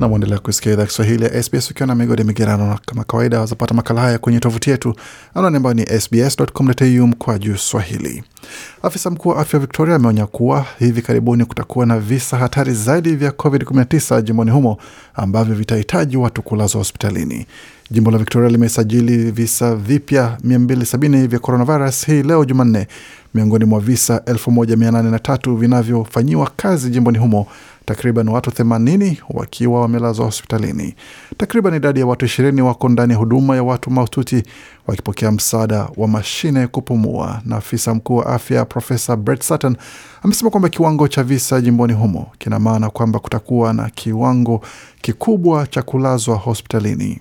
na mwendelea kusikia idhaa Kiswahili ya SBS ukiwa na migodi migerano, na kama kawaida wazapata makala haya kwenye tovuti yetu anwani ambayo ni sbs.com.au mkoa juu Swahili. Afisa mkuu wa afya Victoria ameonya kuwa hivi karibuni kutakuwa na visa hatari zaidi vya COVID-19 jimboni humo ambavyo vitahitaji watu kulazwa hospitalini. Jimbo la Victoria limesajili visa vipya 270 vya coronavirus hii leo Jumanne, miongoni mwa visa 1803 vinavyofanyiwa kazi jimboni humo Takriban watu 80 wakiwa wamelazwa hospitalini. Takriban idadi ya watu 20 wako ndani ya huduma ya watu mahututi wakipokea msaada wa mashine kupumua, na afisa mkuu wa afya Profesa Brett Sutton amesema kwamba kiwango cha visa jimboni humo kina maana kwamba kutakuwa na kiwango kikubwa cha kulazwa hospitalini.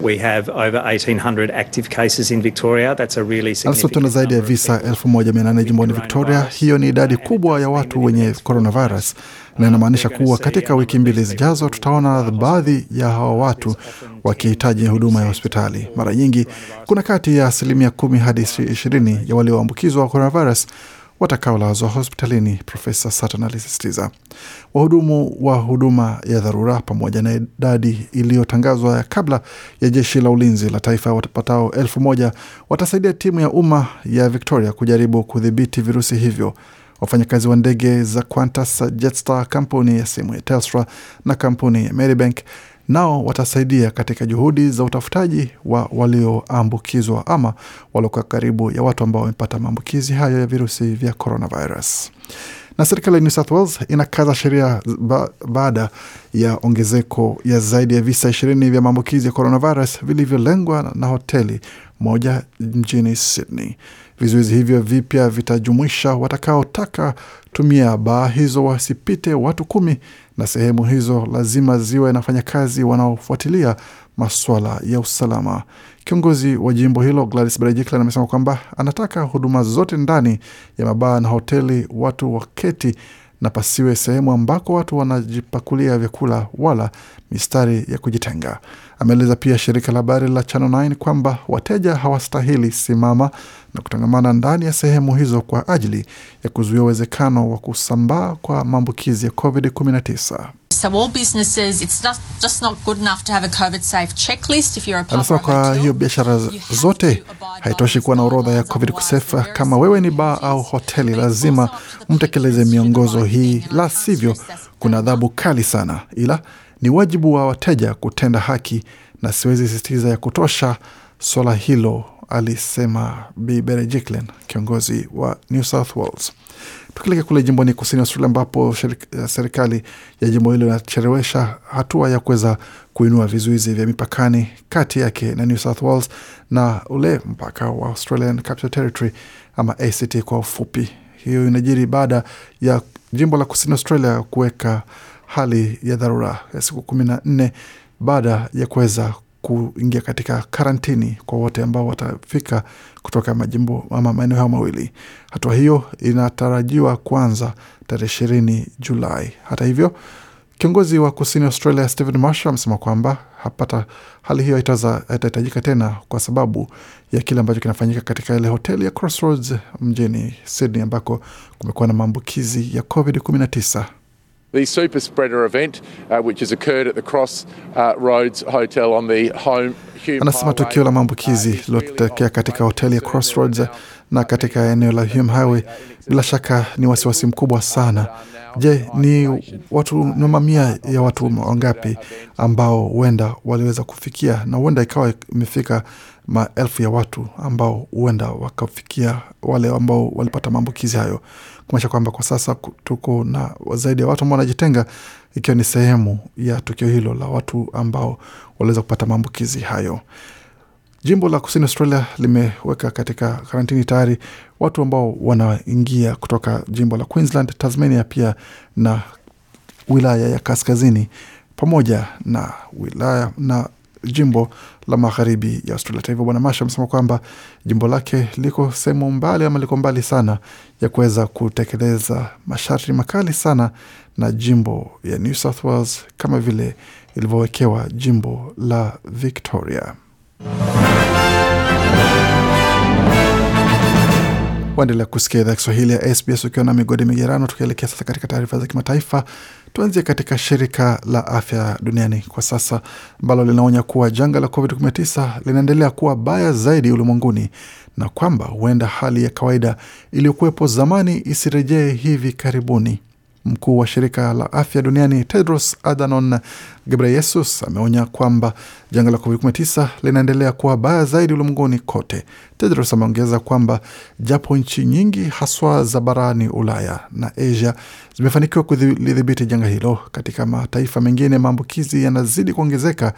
We have over 1800 active cases in Victoria. That's a really significant. Tuna zaidi ya visa 1800 jimboni Victoria. Hiyo ni idadi kubwa ya watu wenye coronavirus na inamaanisha kuwa katika wiki mbili zijazo tutaona baadhi ya hawa watu wakihitaji huduma ya hospitali. Mara nyingi kuna kati ya asilimia kumi hadi ishirini ya walioambukizwa wa coronavirus watakaolazwa hospitalini. Profesa Sutton alisisitiza wahudumu wa huduma ya dharura, pamoja na idadi iliyotangazwa ya kabla ya jeshi la ulinzi la taifa wapatao elfu moja watasaidia timu ya umma ya Victoria kujaribu kudhibiti virusi hivyo Wafanyakazi wa ndege za Qantas, Jetstar, kampuni ya simu ya Telstra na kampuni ya Medibank nao watasaidia katika juhudi za utafutaji wa walioambukizwa ama waliokuwa karibu ya watu ambao wamepata maambukizi hayo ya virusi vya coronavirus. Na serikali ya New South Wales inakaza sheria ba baada ya ongezeko ya zaidi ya visa ishirini vya maambukizi ya coronavirus vilivyolengwa na hoteli moja mjini Sydney. Vizuizi hivyo vipya vitajumuisha watakaotaka tumia baa hizo wasipite watu kumi, na sehemu hizo lazima ziwe na wafanyakazi wanaofuatilia maswala ya usalama. Kiongozi wa jimbo hilo Gladys Berejiklian amesema kwamba anataka huduma zote ndani ya mabaa na hoteli watu waketi na pasiwe sehemu ambako watu wanajipakulia vyakula wala mistari ya kujitenga. Ameeleza pia shirika la habari la Channel 9 kwamba wateja hawastahili simama na kutangamana ndani ya sehemu hizo kwa ajili ya kuzuia uwezekano wa kusambaa kwa maambukizi ya COVID-19. Anasema kwa hiyo biashara zote haitoshi kuwa na orodha ya COVID safe. Kama wewe ni baa au hoteli, lazima mtekeleze miongozo hii, la sivyo kuna adhabu kali sana, ila ni wajibu wa wateja kutenda haki, na siwezi sisitiza ya kutosha swala hilo, alisema Bi Berejiklian, kiongozi wa New South Wales. Tukielekea kule jimboni kusini Australia, ambapo serikali ya jimbo hilo inacherewesha hatua ya kuweza kuinua vizuizi vya mipakani kati yake na New South Wales na ule mpaka wa Australian Capital Territory ama ACT kwa ufupi. Hiyo inajiri baada ya jimbo la kusini Australia kuweka hali ya dharura ya siku kumi na nne baada ya kuweza kuingia katika karantini kwa wote ambao watafika kutoka majimbo ama maeneo hayo mawili. Hatua hiyo inatarajiwa kuanza tarehe ishirini Julai. Hata hivyo, kiongozi wa kusini Australia Stephen Marshall amesema kwamba hapata hali hiyo haitahitajika tena kwa sababu ya kile ambacho kinafanyika katika ile hoteli ya Crossroads mjini Sydney ambako kumekuwa na maambukizi ya COVID-19. The super spreader event, uh, which has occurred at the Cross uh, Hotel on the home Anasema tukio la maambukizi uh, lilotokea katika hoteli ya Crossroads na katika eneo la Hume Highway bila shaka ni wasiwasi mkubwa sana. Je, ni watu ni mamia ya watu wangapi ambao huenda waliweza kufikia, na huenda ikawa imefika maelfu ya watu ambao huenda wakafikia wale ambao walipata maambukizi hayo kumaanisha kwamba kwa sasa tuko na zaidi ya watu ambao wanajitenga, ikiwa ni sehemu ya tukio hilo la watu ambao waliweza kupata maambukizi hayo. Jimbo la kusini Australia limeweka katika karantini tayari watu ambao wanaingia kutoka jimbo la Queensland, Tasmania pia na wilaya ya kaskazini pamoja na wilaya na jimbo la magharibi ya Australia. Hata hivyo, Bwana masha amesema kwamba jimbo lake liko sehemu mbali ama liko mbali sana ya kuweza kutekeleza masharti makali sana na jimbo ya New South Wales kama vile ilivyowekewa jimbo la Victoria. Waendelea kusikia idhaa Kiswahili ya SBS ukiwa na migodi migerano. Tukielekea sasa katika taarifa za kimataifa, tuanzie katika shirika la afya duniani kwa sasa ambalo linaonya kuwa janga la COVID-19 linaendelea kuwa baya zaidi ulimwenguni na kwamba huenda hali ya kawaida iliyokuwepo zamani isirejee hivi karibuni. Mkuu wa shirika la afya duniani Tedros Adhanom Ghebreyesus ameonya kwamba janga la COVID-19 linaendelea kuwa baya zaidi ulimwenguni kote. Tedros ameongeza kwamba japo nchi nyingi haswa za barani Ulaya na Asia zimefanikiwa kulidhibiti janga hilo, katika mataifa mengine maambukizi yanazidi kuongezeka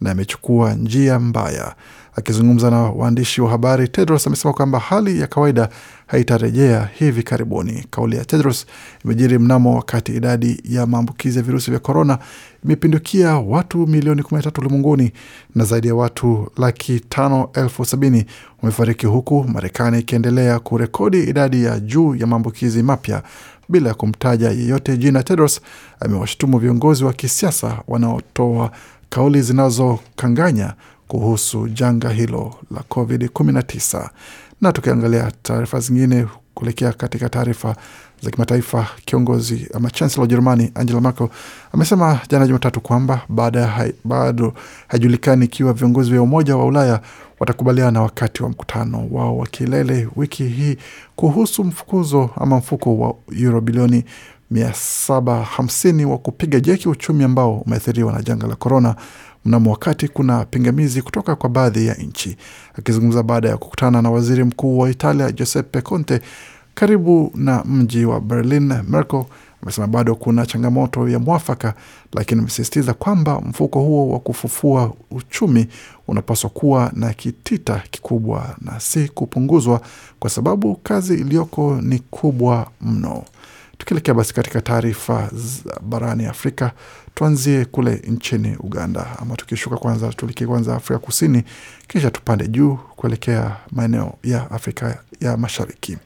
na amechukua njia mbaya. Akizungumza na waandishi wa habari, Tedros amesema kwamba hali ya kawaida haitarejea hivi karibuni. Kauli ya Tedros imejiri mnamo wakati idadi ya maambukizi ya virusi vya korona imepindukia watu milioni 13 ulimwenguni na zaidi ya watu laki tano elfu sabini wamefariki huku Marekani ikiendelea kurekodi idadi ya juu ya maambukizi mapya bila ya kumtaja yeyote jina. Tedros amewashutumu viongozi wa kisiasa wanaotoa kauli zinazokanganya kuhusu janga hilo la COVID-19. Na tukiangalia taarifa zingine kuelekea katika taarifa za kimataifa, kiongozi ama chancellor wa Ujerumani Angela Merkel amesema jana Jumatatu kwamba bado haijulikani ikiwa viongozi vya Umoja wa Ulaya watakubaliana wakati wa mkutano wao wa kilele wiki hii kuhusu mfukuzo ama mfuko wa euro bilioni 750 wa kupiga jeki uchumi ambao umeathiriwa na janga la korona mnamo wakati kuna pingamizi kutoka kwa baadhi ya nchi. Akizungumza baada ya kukutana na waziri mkuu wa Italia Giuseppe Conte karibu na mji wa Berlin, Merkel amesema bado kuna changamoto ya mwafaka, lakini amesisitiza kwamba mfuko huo wa kufufua uchumi unapaswa kuwa na kitita kikubwa na si kupunguzwa, kwa sababu kazi iliyoko ni kubwa mno. Tukielekea basi katika taarifa barani Afrika, tuanzie kule nchini Uganda, ama tukishuka kwanza, tuelekee kwanza Afrika Kusini, kisha tupande juu kuelekea maeneo ya Afrika ya Mashariki.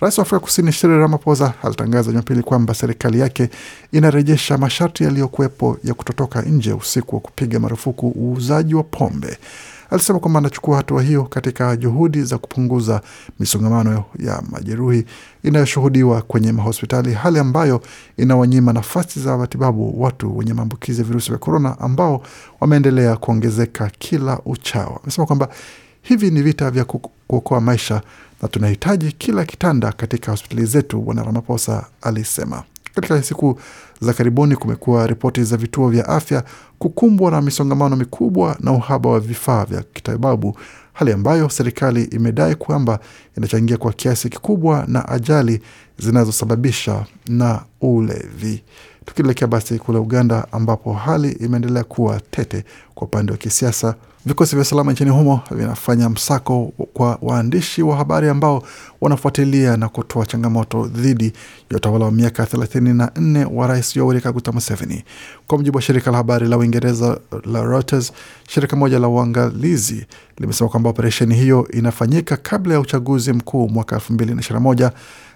Rais wa Afrika Kusini Cyril Ramaphosa alitangaza Jumapili kwamba serikali yake inarejesha masharti yaliyokuwepo ya kutotoka nje usiku wa kupiga marufuku uuzaji wa pombe alisema kwamba anachukua hatua hiyo katika juhudi za kupunguza misongamano ya majeruhi inayoshuhudiwa kwenye mahospitali, hali ambayo inawanyima nafasi za matibabu watu wenye maambukizi ya virusi vya korona ambao wameendelea kuongezeka kila uchao. Amesema kwamba hivi ni vita vya kuokoa maisha na tunahitaji kila kitanda katika hospitali zetu, Bwana Ramaphosa alisema. Katika siku za karibuni kumekuwa ripoti za vituo vya afya kukumbwa na misongamano mikubwa na uhaba wa vifaa vya kitababu hali ambayo serikali imedai kwamba inachangia kwa kiasi kikubwa na ajali zinazosababisha na ulevi. Tukielekea basi kule Uganda ambapo hali imeendelea kuwa tete kwa upande wa kisiasa Vikosi vya usalama nchini humo vinafanya msako kwa waandishi wa habari ambao wanafuatilia na kutoa changamoto dhidi ya utawala wa miaka 34 wa rais Yoweri Kaguta Museveni. Kwa mujibu wa shirika la habari la Uingereza la Reuters, shirika moja la uangalizi limesema kwamba operesheni hiyo inafanyika kabla ya uchaguzi mkuu mwaka 2021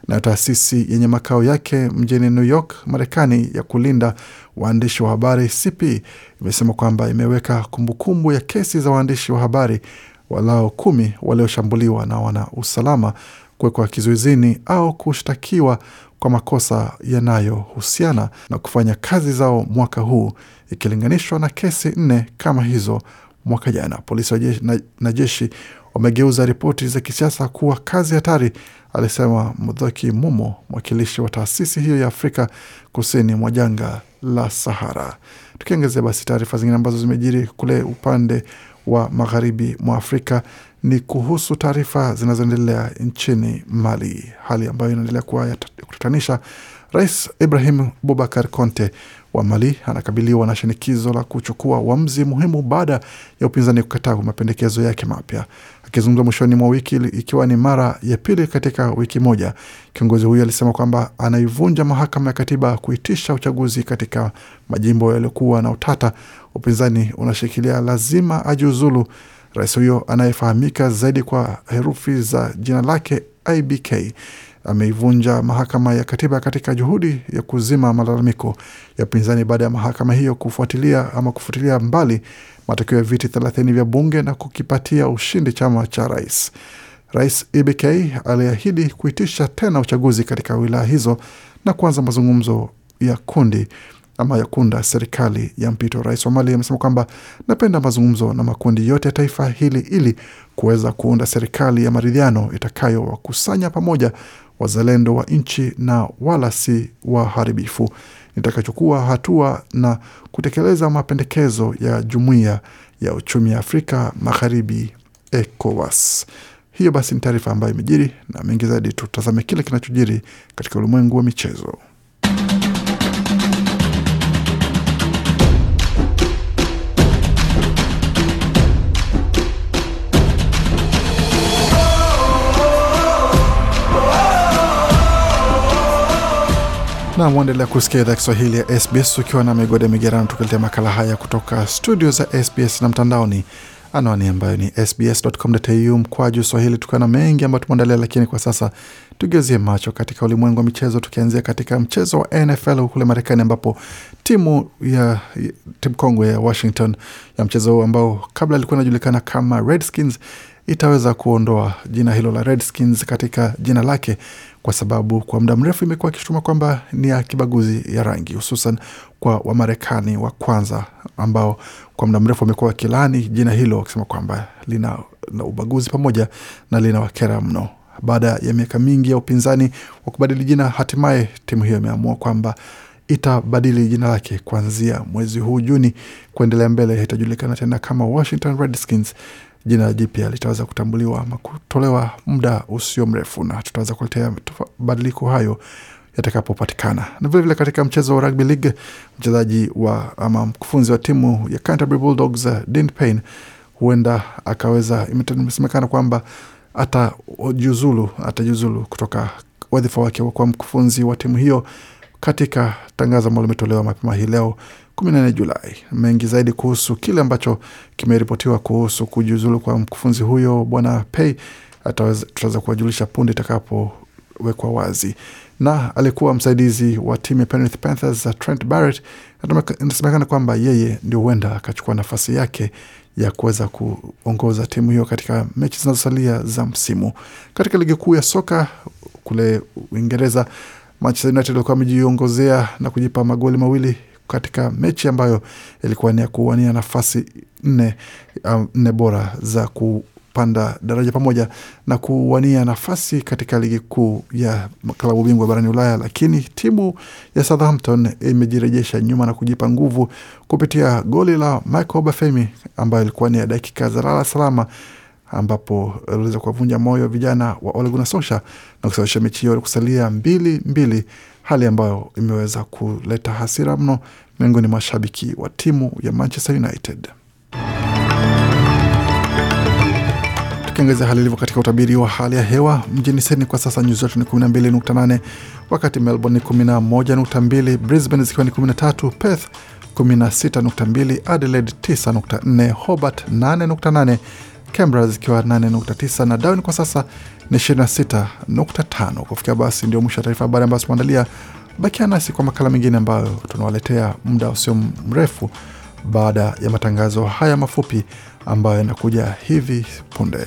na taasisi yenye makao yake mjini New York, Marekani ya kulinda waandishi wa habari CP imesema kwamba imeweka kumbukumbu ya kesi za waandishi wa habari walao kumi walioshambuliwa na wana usalama kuwekwa kizuizini au kushtakiwa kwa makosa yanayohusiana na kufanya kazi zao mwaka huu ikilinganishwa na kesi nne kama hizo mwaka jana. Polisi na jeshi wamegeuza ripoti za kisiasa kuwa kazi hatari, alisema Mudhoki Mumo, mwakilishi wa taasisi hiyo ya Afrika kusini mwa janga la Sahara. Tukiangazia basi taarifa zingine ambazo zimejiri kule upande wa magharibi mwa Afrika ni kuhusu taarifa zinazoendelea nchini Mali, hali ambayo inaendelea kuwa ya kutatanisha. Rais Ibrahim bubakar Conte wa Mali anakabiliwa na shinikizo la kuchukua uamuzi muhimu baada ya upinzani kukataa mapendekezo yake mapya. Akizungumza mwishoni mwa wiki ikiwa ni mara ya pili katika wiki moja, kiongozi huyo alisema kwamba anaivunja mahakama ya katiba kuitisha uchaguzi katika majimbo yaliyokuwa na utata. Upinzani unashikilia lazima ajiuzulu. Rais huyo anayefahamika zaidi kwa herufi za jina lake IBK ameivunja mahakama ya katiba katika juhudi ya kuzima malalamiko ya upinzani baada ya mahakama hiyo kufuatilia ama kufuatilia mbali matokeo ya viti 30 vya bunge na kukipatia ushindi chama cha rais. Rais ebk aliahidi kuitisha tena uchaguzi katika wilaya hizo na kuanza mazungumzo ya kundi ama ya kunda serikali ya mpito. Rais wa Mali amesema kwamba napenda mazungumzo na makundi yote ya taifa hili ili kuweza kuunda serikali ya maridhiano itakayowakusanya pamoja wazalendo wa nchi na wala si waharibifu litakachochukua hatua na kutekeleza mapendekezo ya jumuiya ya uchumi ya Afrika Magharibi, ECOWAS. Hiyo basi ni taarifa ambayo imejiri na mengi zaidi, tutazame kile kinachojiri katika ulimwengu wa michezo. na mwendelea kusikia idhaa Kiswahili ya SBS ukiwa na migode migerano, tukiletea makala haya kutoka studio za SBS na mtandaoni, anwani ambayo ni sbs.com.au mkwaju swahili, tukiwa na mengi ambayo tumeandalia, lakini kwa sasa tugeuzie macho katika ulimwengu wa michezo, tukianzia katika mchezo wa NFL kule Marekani, ambapo timu ya timu kongwe ya Washington ya mchezo huu ambao kabla ilikuwa inajulikana kama Redskins itaweza kuondoa jina hilo la Redskins katika jina lake kwa sababu kwa muda mrefu imekuwa ikishutuma kwamba ni ya kibaguzi ya rangi, hususan kwa Wamarekani wa kwanza ambao kwa muda mrefu wamekuwa wakilani jina hilo wakisema kwamba lina na ubaguzi pamoja na lina wakera mno. Baada ya miaka mingi ya upinzani wa kubadili jina, hatimaye timu hiyo imeamua kwamba itabadili jina lake kuanzia mwezi huu Juni kuendelea mbele, itajulikana tena kama Washington Redskins jina jipya litaweza kutambuliwa ama kutolewa muda usio mrefu, na tutaweza kuletea mabadiliko hayo yatakapopatikana. Na vilevile katika mchezo wa rugby league, mchezaji wa ama mkufunzi wa timu ya Canterbury Bulldogs eh, Dean Payne huenda akaweza, imesemekana kwamba atajiuzulu atajiuzulu kutoka wadhifa wake kwa mkufunzi wa timu hiyo katika tangazo ambalo limetolewa mapema hii leo 14 Julai. Mengi zaidi kuhusu kile ambacho kimeripotiwa kuhusu kujiuzulu kwa mkufunzi huyo Bwana Pei tutaweza kuwajulisha punde itakapowekwa wazi. Na alikuwa msaidizi wa timu ya Penrith Panthers za uh, Trent Barrett, inasemekana kwamba yeye ndio huenda akachukua nafasi yake ya kuweza kuongoza timu hiyo katika mechi zinazosalia za msimu. Katika ligi kuu ya soka kule Uingereza, Manchester United walikuwa wamejiongozea na kujipa magoli mawili katika mechi ambayo ilikuwa ni ya kuwania nafasi nne, um, nne bora za kupanda daraja pamoja na kuwania nafasi katika ligi kuu ya klabu bingwa barani Ulaya, lakini timu ya Southampton imejirejesha nyuma na kujipa nguvu kupitia goli la Michael Bafemi ambayo ilikuwa ni ya dakika za lala salama ambapo aliweza kuwavunja moyo vijana wa Ole Gunnar Solskjaer na kusababisha mechi hiyo kusalia mbili mbili hali ambayo imeweza kuleta hasira mno miongoni mwa mashabiki wa timu ya Manchester United. Tukiangazia hali ilivyo katika utabiri wa hali ya hewa mjini Sydney kwa sasa nyuzi joto ni 12.8, wakati Melbourne ni 11.2, Brisbane zikiwa ni 13, Perth 16.2, Adelaide 9.4, Hobart 8.8 Canberra zikiwa 8.9 na Darwin kwa sasa ni 26.5. Kufikia basi ndio mwisho wa taarifa habari ambazo tumeandalia. Bakia nasi kwa makala mengine ambayo tunawaletea muda usio mrefu baada ya matangazo haya mafupi ambayo yanakuja hivi punde.